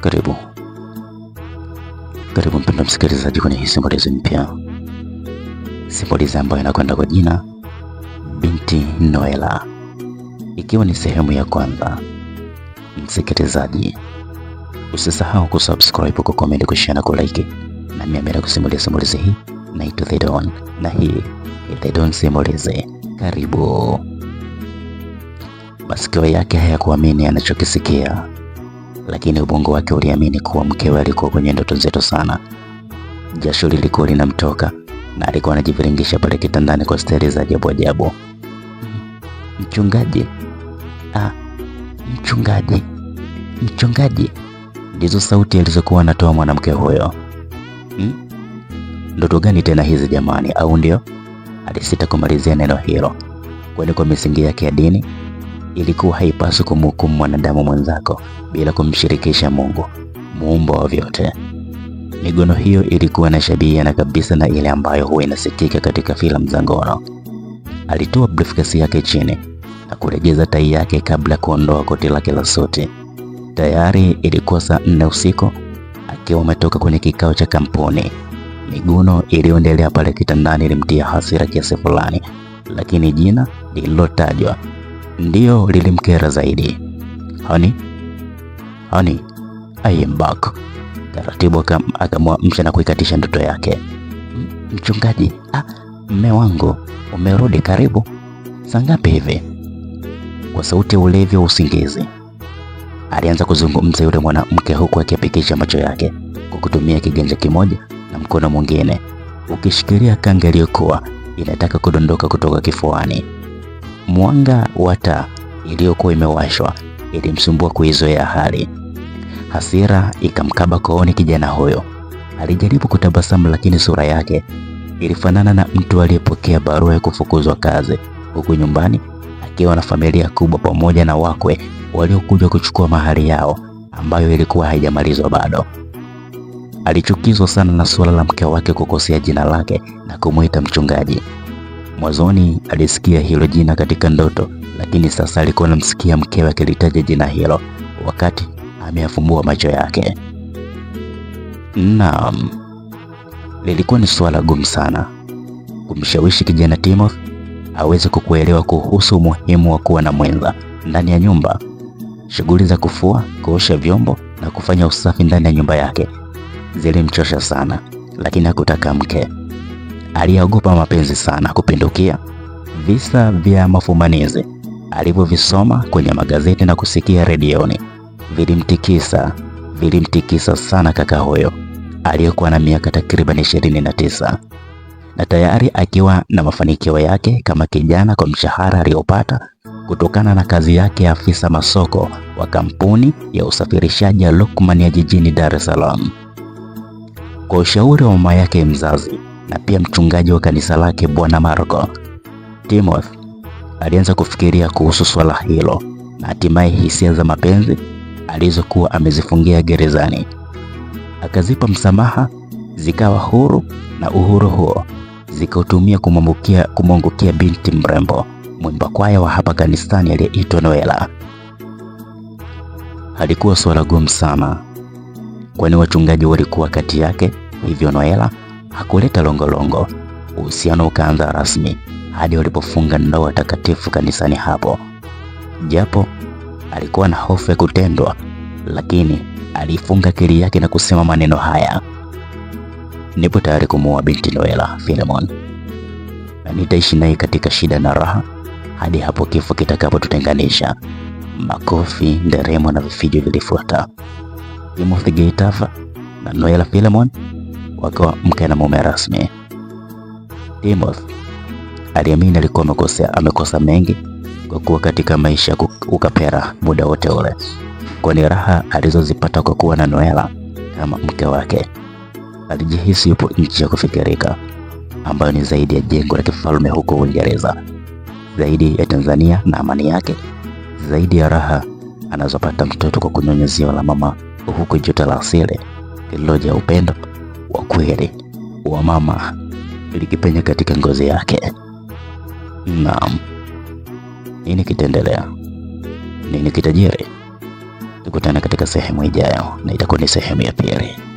Karibu, karibu mpendwa msikilizaji kwenye hii simulizi mpya, simulizi ambayo inakwenda kwa jina Binti Noela, ikiwa ni sehemu ya kwanza. Msikilizaji, usisahau kusubscribe, kucomment, kushare na kulike, na mimi amera kusimulia simulizi hii naitwa The Don, na hii ni The Don Simulizi. Karibu. Masikio yake hayakuamini anachokisikia lakini ubongo wake uliamini kuwa mkewe alikuwa kwenye ndoto zetu sana. Jasho lilikuwa linamtoka na alikuwa anajiviringisha pale kitandani kwa steri za ajabu ajabu. Mchungaji, ah, mchungaji, mchungaji, ndizo sauti alizokuwa anatoa mwanamke huyo. Hmm? Ndoto gani tena hizi jamani, au ndio? Alisita kumalizia neno hilo, kwani kwa misingi yake ya dini Ilikuwa haipaswi kumhukumu mwanadamu mwenzako bila kumshirikisha Mungu, muumba wa vyote. Migono hiyo ilikuwa na shabihiana kabisa na ile ambayo huwa inasikika katika filamu za ngono. Alitoa briefcase yake chini na kurejeza tai yake kabla ya kuondoa koti lake la suti. Tayari ilikuwa saa nne usiku akiwa ametoka kwenye kikao cha kampuni. Miguno iliyoendelea pale kitandani ilimtia hasira kiasi fulani, lakini jina lililotajwa ndiyo lilimkera zaidi. Honey, honey, I am back. Taratibu akamwamsha na kuikatisha ndoto yake. Mchungaji, ah, mme wangu umerudi, karibu. Saa ngapi hivi? Kwa sauti ya ulevi wa usingizi alianza kuzungumza yule mwanamke, huku akipikisha macho yake kwa kutumia kiganja kimoja na mkono mwingine ukishikilia kanga iliyokuwa inataka kudondoka kutoka kifuani. Mwanga wa taa iliyokuwa imewashwa ilimsumbua kuizoea hali. Hasira ikamkaba kooni kijana huyo. Alijaribu kutabasamu, lakini sura yake ilifanana na mtu aliyepokea barua ya kufukuzwa kazi, huku nyumbani akiwa na familia kubwa pamoja na wakwe waliokuja kuchukua mahali yao ambayo ilikuwa haijamalizwa bado. Alichukizwa sana na suala la mke wake kukosea jina lake na kumwita mchungaji. Mwanzoni alisikia hilo jina katika ndoto, lakini sasa alikuwa anamsikia mkewe akilitaja jina hilo wakati ameyafumbua macho yake. Naam, lilikuwa ni suala gumu sana kumshawishi kijana timoth aweze kukuelewa kuhusu umuhimu wa kuwa na mwenza ndani ya nyumba. Shughuli za kufua, kuosha vyombo na kufanya usafi ndani ya nyumba yake zilimchosha sana, lakini hakutaka mke aliyeogopa mapenzi sana kupindukia, visa vya mafumanizi alivyovisoma kwenye magazeti na kusikia redioni vilimtikisa vilimtikisa sana kaka huyo aliyekuwa na miaka takriban 29 na tisa na tayari akiwa na mafanikio yake kama kijana kwa mshahara aliyopata kutokana na kazi yake ya afisa masoko wa kampuni ya usafirishaji ya Lokman ya jijini Dar es Salaam. Kwa ushauri wa mama yake mzazi, na pia mchungaji wa kanisa lake Bwana Marco. Timothy alianza kufikiria kuhusu swala hilo na hatimaye hisia za mapenzi alizokuwa amezifungia gerezani akazipa msamaha, zikawa huru na uhuru huo zikautumia kumwangukia binti mrembo mwimba kwaya wa hapa kanisani aliyeitwa Noela. Halikuwa swala gumu sana, kwani wachungaji walikuwa kati yake, hivyo Noela hakuleta longolongo, uhusiano ukaanza rasmi hadi walipofunga ndoa takatifu kanisani hapo. Japo alikuwa na hofu ya kutendwa, lakini alifunga akili yake na kusema maneno haya: nipo tayari kumuoa binti Noela Philemon na nitaishi naye katika shida na raha hadi hapo kifo kitakapotutenganisha. Makofi, nderemo na vifijo vilifuata. Timothy Geitafa na Noela Philemon wakiwa mke na mume rasmi. Timothy aliamini alikuwa amekosea, amekosa mengi kwa kuwa katika maisha ukapera muda wote ule, kwani raha alizozipata kwa kuwa na Noela kama mke wake, alijihisi yupo nchi ya kufikirika ambayo ni zaidi ya jengo la kifalme huko Uingereza, zaidi ya Tanzania na amani yake, zaidi ya raha anazopata mtoto kwa kunyonyeziwa la mama huko joto la asili lililojaa upendo kweli wa mama likipenya katika ngozi yake. Naam, nini kitaendelea? Nini kitajiri? Tukutane katika sehemu ijayo, na itakuwa ni sehemu ya pili.